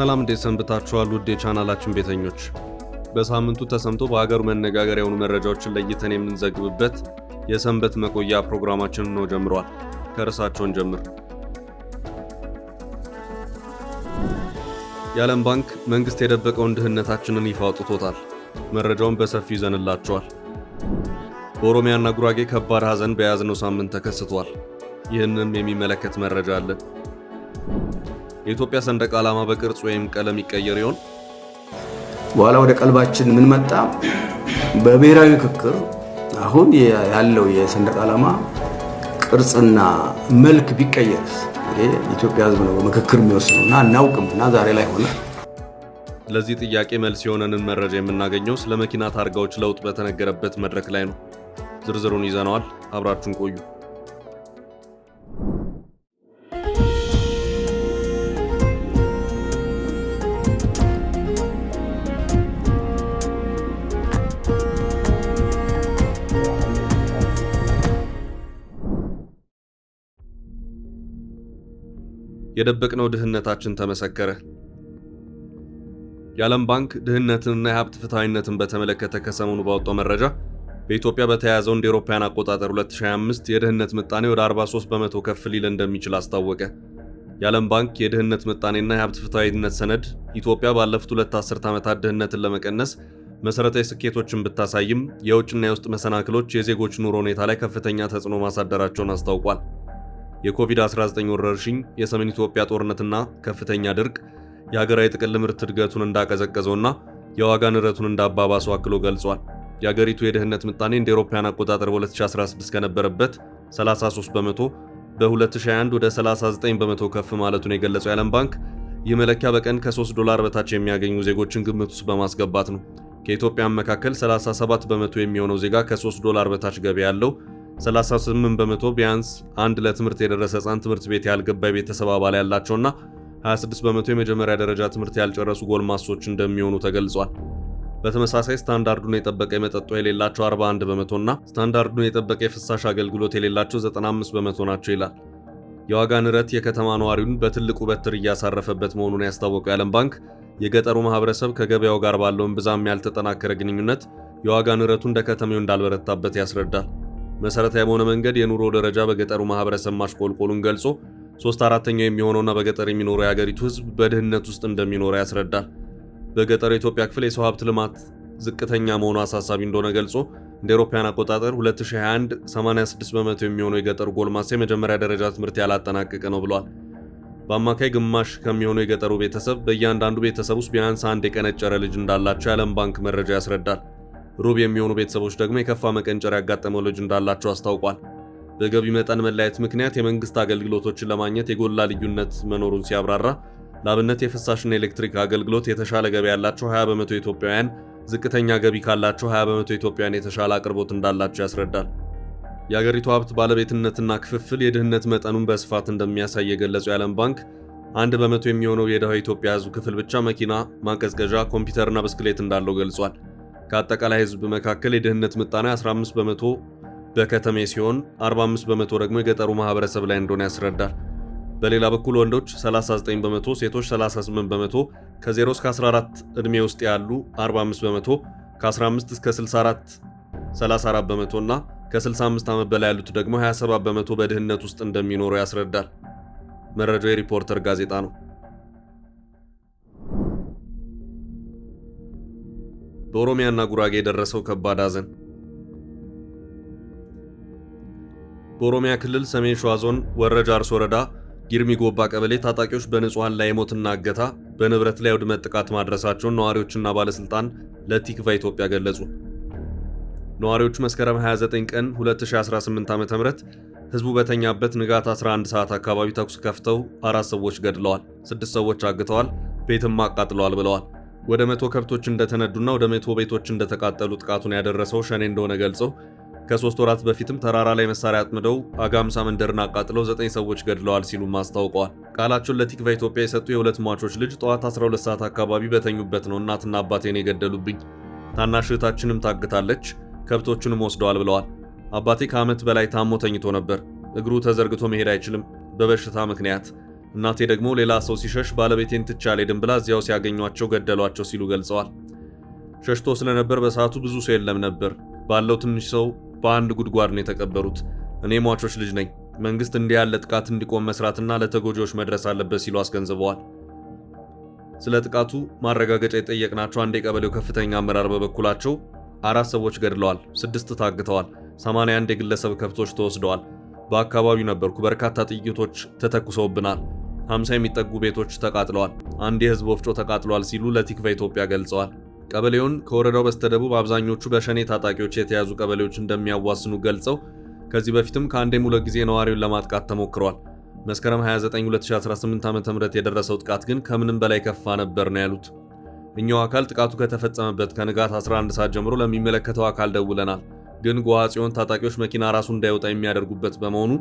ሰላም እንዴት ሰንብታችኋል? ውድ የቻናላችን ቤተኞች፣ በሳምንቱ ተሰምቶ በሀገሩ መነጋገር የሆኑ መረጃዎችን ለይተን የምንዘግብበት የሰንበት መቆያ ፕሮግራማችን ነው ጀምሯል። ከርዕሳቸውን ጀምር የዓለም ባንክ መንግሥት የደበቀውን ድህነታችንን ይፋ አውጥቶታል። መረጃውን በሰፊው ይዘንላቸዋል። በኦሮሚያና ጉራጌ ከባድ ሐዘን በያዝነው ሳምንት ተከስቷል። ይህንም የሚመለከት መረጃ አለን። የኢትዮጵያ ሰንደቅ ዓላማ በቅርጽ ወይም ቀለም ይቀየር ይሆን? በኋላ ወደ ቀልባችን ምን መጣ? በብሔራዊ ምክክር አሁን ያለው የሰንደቅ ዓላማ ቅርጽና መልክ ቢቀየርስ? ኢትዮጵያ ሕዝብ ነው ምክክር የሚወስነው እና አናውቅም እና ዛሬ ላይ ሆነ። ለዚህ ጥያቄ መልስ የሆነንን መረጃ የምናገኘው ስለ መኪና ታርጋዎች ለውጥ በተነገረበት መድረክ ላይ ነው። ዝርዝሩን ይዘነዋል። አብራችሁን ቆዩ። የደበቅነው ድህነታችን ተመሰከረ። የዓለም ባንክ ድህነትንና የሀብት ፍትሐዊነትን በተመለከተ ከሰሞኑ ባወጣው መረጃ በኢትዮጵያ በተያያዘው እንደ ኤሮፓያን አቆጣጠር 2025 የድህነት ምጣኔ ወደ 43 በመቶ ከፍ ሊል እንደሚችል አስታወቀ። የዓለም ባንክ የድህነት ምጣኔና የሀብት ፍትሐዊነት ሰነድ ኢትዮጵያ ባለፉት ሁለት አስርት ዓመታት ድህነትን ለመቀነስ መሠረታዊ ስኬቶችን ብታሳይም የውጭና የውስጥ መሰናክሎች የዜጎች ኑሮ ሁኔታ ላይ ከፍተኛ ተጽዕኖ ማሳደራቸውን አስታውቋል። የኮቪድ-19 ወረርሽኝ፣ የሰሜን ኢትዮጵያ ጦርነትና ከፍተኛ ድርቅ የሀገራዊ ጥቅል ምርት እድገቱን እንዳቀዘቀዘውና የዋጋ ንረቱን እንዳባባሰው አክሎ ገልጿል። የአገሪቱ የድህነት ምጣኔ እንደ ኤሮፓያን አቆጣጠር በ2016 ከነበረበት 33 በመቶ በ2021 ወደ 39 በመቶ ከፍ ማለቱን የገለጸው የዓለም ባንክ ይህ መለኪያ በቀን ከ3 ዶላር በታች የሚያገኙ ዜጎችን ግምት ውስጥ በማስገባት ነው። ከኢትዮጵያ መካከል 37 በመቶ የሚሆነው ዜጋ ከ3 ዶላር በታች ገቢ ያለው 38 በመቶ ቢያንስ አንድ ለትምህርት የደረሰ ህፃን ትምህርት ቤት ያልገባ የቤተሰብ አባል ያላቸውና 26 በመቶ የመጀመሪያ ደረጃ ትምህርት ያልጨረሱ ጎልማሶች እንደሚሆኑ ተገልጿል። በተመሳሳይ ስታንዳርዱን የጠበቀ የመጠጦ የሌላቸው 41 እና ስታንዳርዱን የጠበቀ የፍሳሽ አገልግሎት የሌላቸው 95 በመቶ ናቸው ይላል። የዋጋ ንረት የከተማ ነዋሪውን በትልቁ በትር እያሳረፈበት መሆኑን ያስታወቀው የዓለም ባንክ የገጠሩ ማህበረሰብ ከገበያው ጋር ባለውን ብዛም ያልተጠናከረ ግንኙነት የዋጋ ንረቱ እንደ ከተሜው እንዳልበረታበት ያስረዳል። መሰረታዊ በሆነ መንገድ የኑሮ ደረጃ በገጠሩ ማህበረሰብ ማሽቆልቆሉን ገልጾ ሶስት አራተኛው የሚሆነውና በገጠር የሚኖረው የአገሪቱ ህዝብ በድህነት ውስጥ እንደሚኖረ ያስረዳል። በገጠሩ የኢትዮጵያ ክፍል የሰው ሀብት ልማት ዝቅተኛ መሆኑ አሳሳቢ እንደሆነ ገልጾ እንደ አውሮፓውያን አቆጣጠር 2021 86 በመቶ የሚሆነው የገጠሩ ጎልማሳ የመጀመሪያ ደረጃ ትምህርት ያላጠናቀቀ ነው ብለዋል። በአማካይ ግማሽ ከሚሆነው የገጠሩ ቤተሰብ በእያንዳንዱ ቤተሰብ ውስጥ ቢያንስ አንድ የቀነጨረ ልጅ እንዳላቸው የዓለም ባንክ መረጃ ያስረዳል። ሩብ የሚሆኑ ቤተሰቦች ደግሞ የከፋ መቀንጨር ያጋጠመው ልጅ እንዳላቸው አስታውቋል። በገቢ መጠን መለያየት ምክንያት የመንግስት አገልግሎቶችን ለማግኘት የጎላ ልዩነት መኖሩን ሲያብራራ ላብነት የፍሳሽና ኤሌክትሪክ አገልግሎት የተሻለ ገቢ ያላቸው 20 በመቶ ኢትዮጵያውያን፣ ዝቅተኛ ገቢ ካላቸው 20 በመቶ ኢትዮጵያውያን የተሻለ አቅርቦት እንዳላቸው ያስረዳል። የአገሪቱ ሀብት ባለቤትነትና ክፍፍል የድህነት መጠኑን በስፋት እንደሚያሳይ የገለጸው የዓለም ባንክ አንድ በመቶ የሚሆነው የድሃ ኢትዮጵያ ሕዝብ ክፍል ብቻ መኪና፣ ማቀዝቀዣ፣ ኮምፒውተርና ብስክሌት እንዳለው ገልጿል። ከአጠቃላይ ህዝብ መካከል የድህነት ምጣኔ 15 በመቶ በከተሜ ሲሆን 45 በመቶ ደግሞ የገጠሩ ማህበረሰብ ላይ እንደሆነ ያስረዳል። በሌላ በኩል ወንዶች 39 በመቶ፣ ሴቶች 38 በመቶ፣ ከ0 እስከ 14 ዕድሜ ውስጥ ያሉ 45 በመቶ፣ ከ15 እስከ 64 34 በመቶ እና ከ65 ዓመት በላይ ያሉት ደግሞ 27 በመቶ በድህነት ውስጥ እንደሚኖሩ ያስረዳል። መረጃው የሪፖርተር ጋዜጣ ነው። በኦሮሚያና ጉራጌ የደረሰው ከባድ ሐዘን በኦሮሚያ ክልል ሰሜን ሸዋ ዞን ወረጃ አርስ ወረዳ ጊርሚ ጎባ ቀበሌ ታጣቂዎች በንጹሐን ላይ የሞትና እገታ በንብረት ላይ ውድመት ጥቃት ማድረሳቸውን ነዋሪዎችና ባለስልጣን ለቲክቫ ኢትዮጵያ ገለጹ። ነዋሪዎቹ መስከረም 29 ቀን 2018 ዓ.ም ህዝቡ በተኛበት ንጋት 11 ሰዓት አካባቢ ተኩስ ከፍተው አራት ሰዎች ገድለዋል፣ ስድስት ሰዎች አግተዋል፣ ቤትም አቃጥለዋል ብለዋል። ወደ መቶ ከብቶች እንደተነዱና ወደ መቶ ቤቶች እንደተቃጠሉ ጥቃቱን ያደረሰው ሸኔ እንደሆነ ገልጸው ከሶስት ወራት በፊትም ተራራ ላይ መሳሪያ አጥምደው አጋምሳ መንደርን አቃጥለው ዘጠኝ ሰዎች ገድለዋል ሲሉም አስታውቀዋል። ቃላቸውን ለቲክቫ ኢትዮጵያ የሰጡ የሁለት ሟቾች ልጅ ጠዋት 12 ሰዓት አካባቢ በተኙበት ነው እናትና አባቴን የገደሉብኝ፣ ታናሽ እህታችንም ታግታለች፣ ከብቶቹንም ወስደዋል ብለዋል። አባቴ ከዓመት በላይ ታሞ ተኝቶ ነበር። እግሩ ተዘርግቶ መሄድ አይችልም በበሽታ ምክንያት እናቴ ደግሞ ሌላ ሰው ሲሸሽ ባለቤቴን ትቻሌ አልሄድም ብላ እዚያው ሲያገኟቸው ገደሏቸው ሲሉ ገልጸዋል። ሸሽቶ ስለነበር በሰዓቱ ብዙ ሰው የለም ነበር። ባለው ትንሽ ሰው በአንድ ጉድጓድ ነው የተቀበሩት። እኔ ሟቾች ልጅ ነኝ። መንግስት እንዲህ ያለ ጥቃት እንዲቆም መስራትና ለተጎጂዎች መድረስ አለበት ሲሉ አስገንዝበዋል። ስለ ጥቃቱ ማረጋገጫ የጠየቅናቸው አንድ የቀበሌው ከፍተኛ አመራር በበኩላቸው አራት ሰዎች ገድለዋል፣ ስድስት ታግተዋል፣ 81 የግለሰብ ከብቶች ተወስደዋል። በአካባቢው ነበርኩ፣ በርካታ ጥይቶች ተተኩሰውብናል 50 የሚጠጉ ቤቶች ተቃጥለዋል፣ አንድ የህዝብ ወፍጮ ተቃጥሏል ሲሉ ለቲክቫ ኢትዮጵያ ገልጸዋል። ቀበሌውን ከወረዳው በስተደቡብ አብዛኞቹ በሸኔ ታጣቂዎች የተያዙ ቀበሌዎች እንደሚያዋስኑ ገልጸው ከዚህ በፊትም ከአንዴም ሁለት ጊዜ ነዋሪውን ለማጥቃት ተሞክሯል። መስከረም 29 2018 ዓ.ም የደረሰው ጥቃት ግን ከምንም በላይ ከፋ ነበር ነው ያሉት። እኛው አካል ጥቃቱ ከተፈጸመበት ከንጋት 11 ሰዓት ጀምሮ ለሚመለከተው አካል ደውለናል፣ ግን ጎሃ ጽዮን ታጣቂዎች መኪና ራሱ እንዳይወጣ የሚያደርጉበት በመሆኑ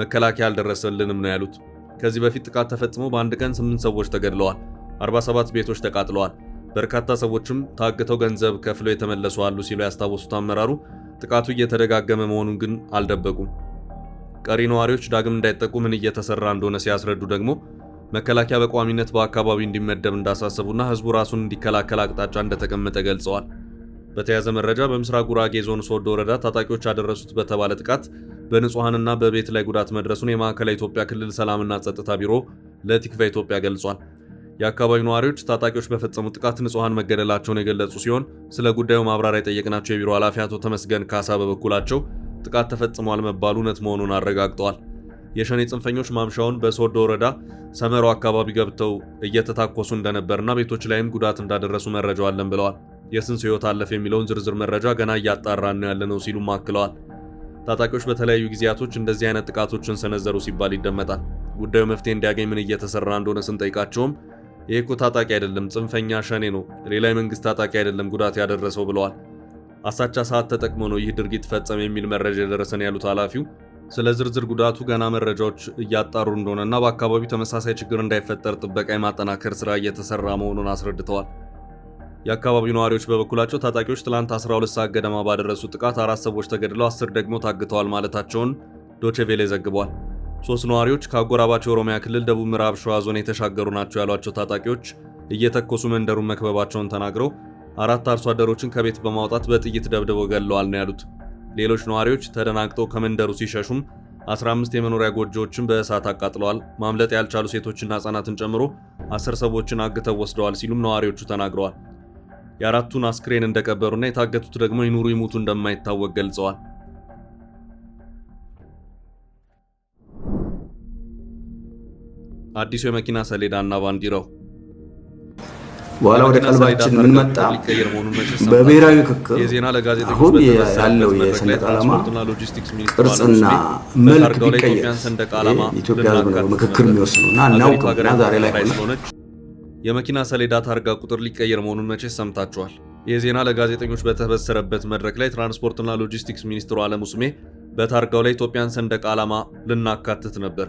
መከላከያ አልደረሰልንም ነው ያሉት። ከዚህ በፊት ጥቃት ተፈጽሞ በአንድ ቀን 8 ሰዎች ተገድለዋል፣ 47 ቤቶች ተቃጥለዋል፣ በርካታ ሰዎችም ታግተው ገንዘብ ከፍለው የተመለሱ አሉ ሲሉ ያስታወሱት አመራሩ ጥቃቱ እየተደጋገመ መሆኑን ግን አልደበቁም። ቀሪ ነዋሪዎች ዳግም እንዳይጠቁ ምን እየተሰራ እንደሆነ ሲያስረዱ ደግሞ መከላከያ በቋሚነት በአካባቢው እንዲመደብ እንዳሳሰቡና ህዝቡ ራሱን እንዲከላከል አቅጣጫ እንደተቀመጠ ገልጸዋል። በተያያዘ መረጃ በምስራቅ ጉራጌ ዞን ሶዶ ወረዳ ታጣቂዎች ያደረሱት በተባለ ጥቃት በንጹሐንና በቤት ላይ ጉዳት መድረሱን የማዕከላዊ ኢትዮጵያ ክልል ሰላምና ጸጥታ ቢሮ ለቲክቫ ኢትዮጵያ ገልጿል። የአካባቢው ነዋሪዎች ታጣቂዎች በፈጸሙት ጥቃት ንጹሐን መገደላቸውን የገለጹ ሲሆን ስለ ጉዳዩ ማብራሪያ የጠየቅናቸው የቢሮ ኃላፊ አቶ ተመስገን ካሳ በበኩላቸው ጥቃት ተፈጽሟል መባሉ እውነት መሆኑን አረጋግጠዋል። የሸኔ ጽንፈኞች ማምሻውን በሶዶ ወረዳ ሰመሮ አካባቢ ገብተው እየተታኮሱ እንደነበርና ቤቶች ላይም ጉዳት እንዳደረሱ መረጃው አለን ብለዋል። የስንት ሕይወት አለፍ የሚለውን ዝርዝር መረጃ ገና እያጣራን ነው ያለነው ሲሉም አክለዋል። ታጣቂዎች በተለያዩ ጊዜያቶች እንደዚህ አይነት ጥቃቶችን ሰነዘሩ ሲባል ይደመጣል። ጉዳዩ መፍትሄ እንዲያገኝ ምን እየተሰራ እንደሆነ ስንጠይቃቸውም ይህ እኮ ታጣቂ አይደለም፣ ጽንፈኛ ሸኔ ነው፣ ሌላ የመንግስት ታጣቂ አይደለም ጉዳት ያደረሰው ብለዋል። አሳቻ ሰዓት ተጠቅሞ ነው ይህ ድርጊት ፈጸመ የሚል መረጃ የደረሰን ያሉት ኃላፊው ስለ ዝርዝር ጉዳቱ ገና መረጃዎች እያጣሩ እንደሆነና በአካባቢው ተመሳሳይ ችግር እንዳይፈጠር ጥበቃ የማጠናከር ስራ እየተሰራ መሆኑን አስረድተዋል። የአካባቢው ነዋሪዎች በበኩላቸው ታጣቂዎች ትላንት 12 ሰዓት ገደማ ባደረሱት ጥቃት አራት ሰዎች ተገድለው አስር ደግሞ ታግተዋል ማለታቸውን ዶቼቬሌ ዘግቧል። ሶስት ነዋሪዎች ከአጎራባቸው የኦሮሚያ ክልል ደቡብ ምዕራብ ሸዋ ዞን የተሻገሩ ናቸው ያሏቸው ታጣቂዎች እየተኮሱ መንደሩን መክበባቸውን ተናግረው አራት አርሶ አደሮችን ከቤት በማውጣት በጥይት ደብድበው ገለዋል ነው ያሉት። ሌሎች ነዋሪዎች ተደናግጠው ከመንደሩ ሲሸሹም 15 የመኖሪያ ጎጆዎችን በእሳት አቃጥለዋል፣ ማምለጥ ያልቻሉ ሴቶችና ህጻናትን ጨምሮ አስር ሰዎችን አግተው ወስደዋል ሲሉም ነዋሪዎቹ ተናግረዋል። የአራቱን አስክሬን እንደቀበሩና የታገቱት ደግሞ ይኑሩ ይሙቱ እንደማይታወቅ ገልጸዋል። አዲሱ የመኪና ሰሌዳና ባንዲራው በኋላ ወደ ቀልባችን ምን መጣ? በብሔራዊ ምክክር አሁን ያለው የሰንደቅ ዓላማ ቅርጽና መልክ ቢቀየር የኢትዮጵያ ሕዝብ ነው ምክክር የሚወስኑ እና እናውቅምና ዛሬ ላይ ሆነ የመኪና ሰሌዳ ታርጋ ቁጥር ሊቀየር መሆኑን መቼስ ሰምታችኋል። ይህ ዜና ለጋዜጠኞች በተበሰረበት መድረክ ላይ ትራንስፖርትና ሎጂስቲክስ ሚኒስትሩ አለሙ ስሜ በታርጋው ላይ ኢትዮጵያን ሰንደቅ ዓላማ ልናካትት ነበር፣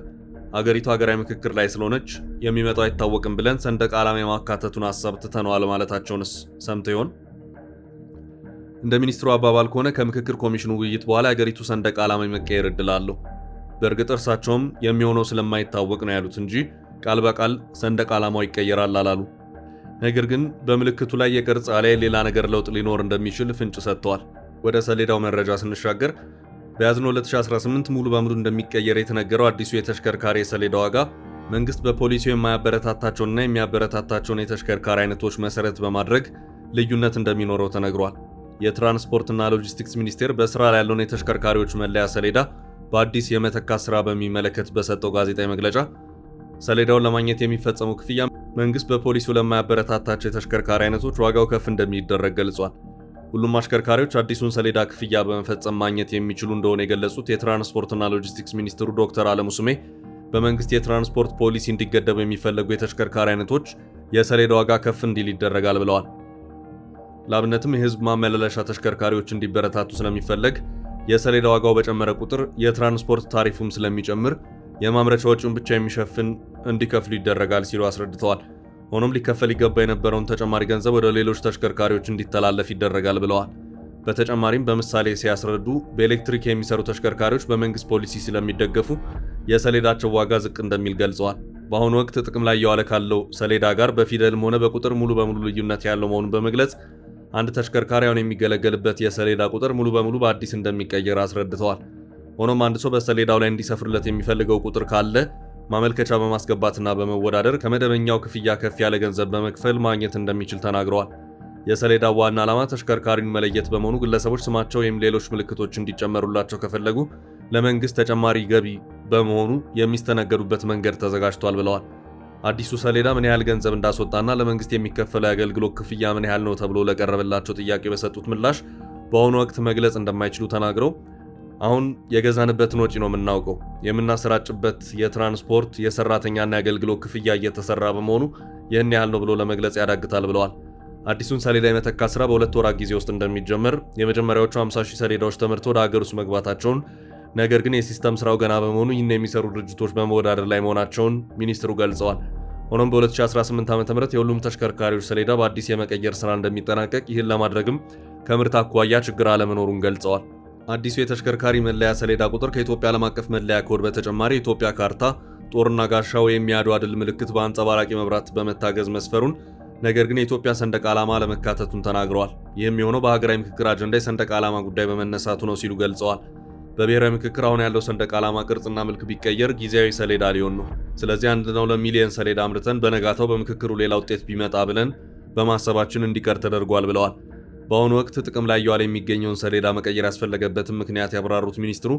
አገሪቱ ሀገራዊ ምክክር ላይ ስለሆነች የሚመጣው አይታወቅም ብለን ሰንደቅ ዓላማ የማካተቱን ሀሳብ ትተነዋል ማለታቸውንስ ሰምተ ይሆን? እንደ ሚኒስትሩ አባባል ከሆነ ከምክክር ኮሚሽኑ ውይይት በኋላ የአገሪቱ ሰንደቅ ዓላማ የመቀየር እድል አለው። በእርግጥ እርሳቸውም የሚሆነው ስለማይታወቅ ነው ያሉት እንጂ ቃል በቃል ሰንደቅ ዓላማው ይቀየራል አላሉ። ነገር ግን በምልክቱ ላይ የቅርጽ ላይ ሌላ ነገር ለውጥ ሊኖር እንደሚችል ፍንጭ ሰጥተዋል። ወደ ሰሌዳው መረጃ ስንሻገር በያዝነው 2018 ሙሉ በሙሉ እንደሚቀየር የተነገረው አዲሱ የተሽከርካሪ የሰሌዳ ዋጋ መንግስት በፖሊሲው የማያበረታታቸውንና የሚያበረታታቸውን የተሽከርካሪ አይነቶች መሰረት በማድረግ ልዩነት እንደሚኖረው ተነግሯል። የትራንስፖርትና ሎጂስቲክስ ሚኒስቴር በስራ ላይ ያለውን የተሽከርካሪዎች መለያ ሰሌዳ በአዲስ የመተካት ስራ በሚመለከት በሰጠው ጋዜጣዊ መግለጫ ሰሌዳውን ለማግኘት የሚፈጸመው ክፍያ መንግስት በፖሊሱ ለማያበረታታቸው የተሽከርካሪ አይነቶች ዋጋው ከፍ እንደሚደረግ ገልጿል። ሁሉም አሽከርካሪዎች አዲሱን ሰሌዳ ክፍያ በመፈጸም ማግኘት የሚችሉ እንደሆነ የገለጹት የትራንስፖርትና ሎጂስቲክስ ሚኒስትሩ ዶክተር አለሙ ስሜ በመንግስት የትራንስፖርት ፖሊሲ እንዲገደቡ የሚፈለጉ የተሽከርካሪ አይነቶች የሰሌዳ ዋጋ ከፍ እንዲል ይደረጋል ብለዋል። ለአብነትም የህዝብ ማመላለሻ ተሽከርካሪዎች እንዲበረታቱ ስለሚፈለግ የሰሌዳ ዋጋው በጨመረ ቁጥር የትራንስፖርት ታሪፉም ስለሚጨምር የማምረቻ ወጪውን ብቻ የሚሸፍን እንዲከፍሉ ይደረጋል ሲሉ አስረድተዋል። ሆኖም ሊከፈል ይገባ የነበረውን ተጨማሪ ገንዘብ ወደ ሌሎች ተሽከርካሪዎች እንዲተላለፍ ይደረጋል ብለዋል። በተጨማሪም በምሳሌ ሲያስረዱ በኤሌክትሪክ የሚሰሩ ተሽከርካሪዎች በመንግስት ፖሊሲ ስለሚደገፉ የሰሌዳቸው ዋጋ ዝቅ እንደሚል ገልጸዋል። በአሁኑ ወቅት ጥቅም ላይ እየዋለ ካለው ሰሌዳ ጋር በፊደልም ሆነ በቁጥር ሙሉ በሙሉ ልዩነት ያለው መሆኑን በመግለጽ አንድ ተሽከርካሪ አሁን የሚገለገልበት የሰሌዳ ቁጥር ሙሉ በሙሉ በአዲስ እንደሚቀየር አስረድተዋል። ሆኖም አንድ ሰው በሰሌዳው ላይ እንዲሰፍርለት የሚፈልገው ቁጥር ካለ ማመልከቻ በማስገባትና በመወዳደር ከመደበኛው ክፍያ ከፍ ያለ ገንዘብ በመክፈል ማግኘት እንደሚችል ተናግረዋል። የሰሌዳው ዋና ዓላማ ተሽከርካሪን መለየት በመሆኑ ግለሰቦች ስማቸው ወይም ሌሎች ምልክቶች እንዲጨመሩላቸው ከፈለጉ ለመንግሥት ተጨማሪ ገቢ በመሆኑ የሚስተናገዱበት መንገድ ተዘጋጅቷል ብለዋል። አዲሱ ሰሌዳ ምን ያህል ገንዘብ እንዳስወጣና ለመንግሥት የሚከፈለው የአገልግሎት ክፍያ ምን ያህል ነው ተብሎ ለቀረበላቸው ጥያቄ በሰጡት ምላሽ በአሁኑ ወቅት መግለጽ እንደማይችሉ ተናግረው አሁን የገዛንበትን ወጪ ነው የምናውቀው። የምናሰራጭበት የትራንስፖርት የሰራተኛና የአገልግሎት ክፍያ እየተሰራ በመሆኑ ይህን ያህል ነው ብሎ ለመግለጽ ያዳግታል ብለዋል። አዲሱን ሰሌዳ የመተካ ስራ በሁለት ወራት ጊዜ ውስጥ እንደሚጀመር፣ የመጀመሪያዎቹ 50 ሺህ ሰሌዳዎች ተመርቶ ወደ ሀገር ውስጥ መግባታቸውን፣ ነገር ግን የሲስተም ስራው ገና በመሆኑ ይህን የሚሰሩ ድርጅቶች በመወዳደር ላይ መሆናቸውን ሚኒስትሩ ገልጸዋል። ሆኖም በ2018 ዓ ም የሁሉም ተሽከርካሪዎች ሰሌዳ በአዲስ የመቀየር ስራ እንደሚጠናቀቅ፣ ይህን ለማድረግም ከምርት አኳያ ችግር አለመኖሩን ገልጸዋል። አዲሱ የተሽከርካሪ መለያ ሰሌዳ ቁጥር ከኢትዮጵያ ዓለም አቀፍ መለያ ኮድ በተጨማሪ የኢትዮጵያ ካርታ፣ ጦርና ጋሻ ወይም የአድዋ ድል ምልክት በአንጸባራቂ መብራት በመታገዝ መስፈሩን ነገር ግን የኢትዮጵያ ሰንደቅ ዓላማ ለመካተቱን ተናግረዋል። ይህም የሆነው በሀገራዊ ምክክር አጀንዳ የሰንደቅ ዓላማ ጉዳይ በመነሳቱ ነው ሲሉ ገልጸዋል። በብሔራዊ ምክክር አሁን ያለው ሰንደቅ ዓላማ ቅርጽና ምልክ ቢቀየር ጊዜያዊ ሰሌዳ ሊሆን ነው። ስለዚህ አንድ ነው ለሚሊየን ሰሌዳ አምርተን በነጋታው በምክክሩ ሌላ ውጤት ቢመጣ ብለን በማሰባችን እንዲቀር ተደርጓል ብለዋል። በአሁኑ ወቅት ጥቅም ላይ እየዋለ የሚገኘውን ሰሌዳ መቀየር ያስፈለገበትን ምክንያት ያብራሩት ሚኒስትሩ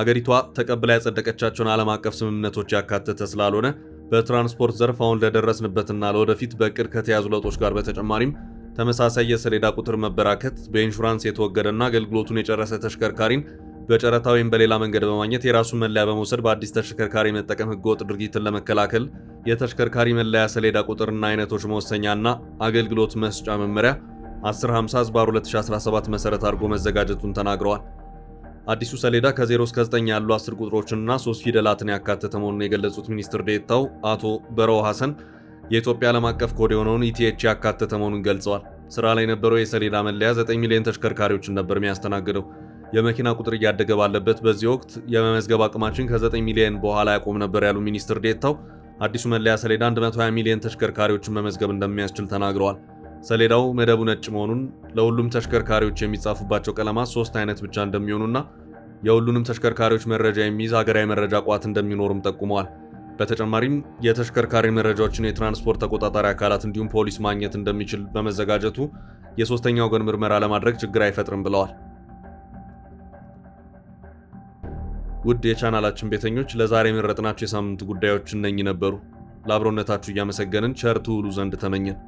አገሪቷ ተቀብላ ያጸደቀቻቸውን ዓለም አቀፍ ስምምነቶች ያካተተ ስላልሆነ በትራንስፖርት ዘርፍ አሁን ለደረስንበትና ለወደፊት በእቅድ ከተያዙ ለውጦች ጋር በተጨማሪም ተመሳሳይ የሰሌዳ ቁጥር መበራከት፣ በኢንሹራንስ የተወገደና አገልግሎቱን የጨረሰ ተሽከርካሪን በጨረታ ወይም በሌላ መንገድ በማግኘት የራሱን መለያ በመውሰድ በአዲስ ተሽከርካሪ መጠቀም ህገወጥ ድርጊትን ለመከላከል የተሽከርካሪ መለያ ሰሌዳ ቁጥርና አይነቶች መወሰኛና አገልግሎት መስጫ መመሪያ 1050/2017 መሰረት አድርጎ መዘጋጀቱን ተናግረዋል። አዲሱ ሰሌዳ ከ0 እስከ 9 ያሉ 10 ቁጥሮችንና 3 ፊደላትን ያካተተ መሆኑን የገለጹት ሚኒስትር ዴታው አቶ በረው ሐሰን የኢትዮጵያ ዓለም አቀፍ ኮድ የሆነውን ኢቲኤች ያካተተ መሆኑን ገልጸዋል። ስራ ላይ የነበረው የሰሌዳ መለያ 9 ሚሊዮን ተሽከርካሪዎችን ነበር የሚያስተናግደው። የመኪና ቁጥር እያደገ ባለበት በዚህ ወቅት የመመዝገብ አቅማችን ከ9 ሚሊዮን በኋላ ያቆም ነበር ያሉ ሚኒስትር ዴታው አዲሱ መለያ ሰሌዳ 120 ሚሊዮን ተሽከርካሪዎችን መመዝገብ እንደሚያስችል ተናግረዋል። ሰሌዳው መደቡ ነጭ መሆኑን ለሁሉም ተሽከርካሪዎች የሚጻፉባቸው ቀለማት ሶስት አይነት ብቻ እንደሚሆኑና የሁሉንም ተሽከርካሪዎች መረጃ የሚይዝ ሀገራዊ መረጃ ቋት እንደሚኖርም ጠቁመዋል። በተጨማሪም የተሽከርካሪ መረጃዎችን የትራንስፖርት ተቆጣጣሪ አካላት እንዲሁም ፖሊስ ማግኘት እንደሚችል በመዘጋጀቱ የሶስተኛ ወገን ምርመራ ለማድረግ ችግር አይፈጥርም ብለዋል። ውድ የቻናላችን ቤተኞች ለዛሬ የመረጥናቸው የሳምንት ጉዳዮች እነኚህ ነበሩ። ለአብሮነታችሁ እያመሰገንን ቸር ትውሉ ዘንድ ተመኘን።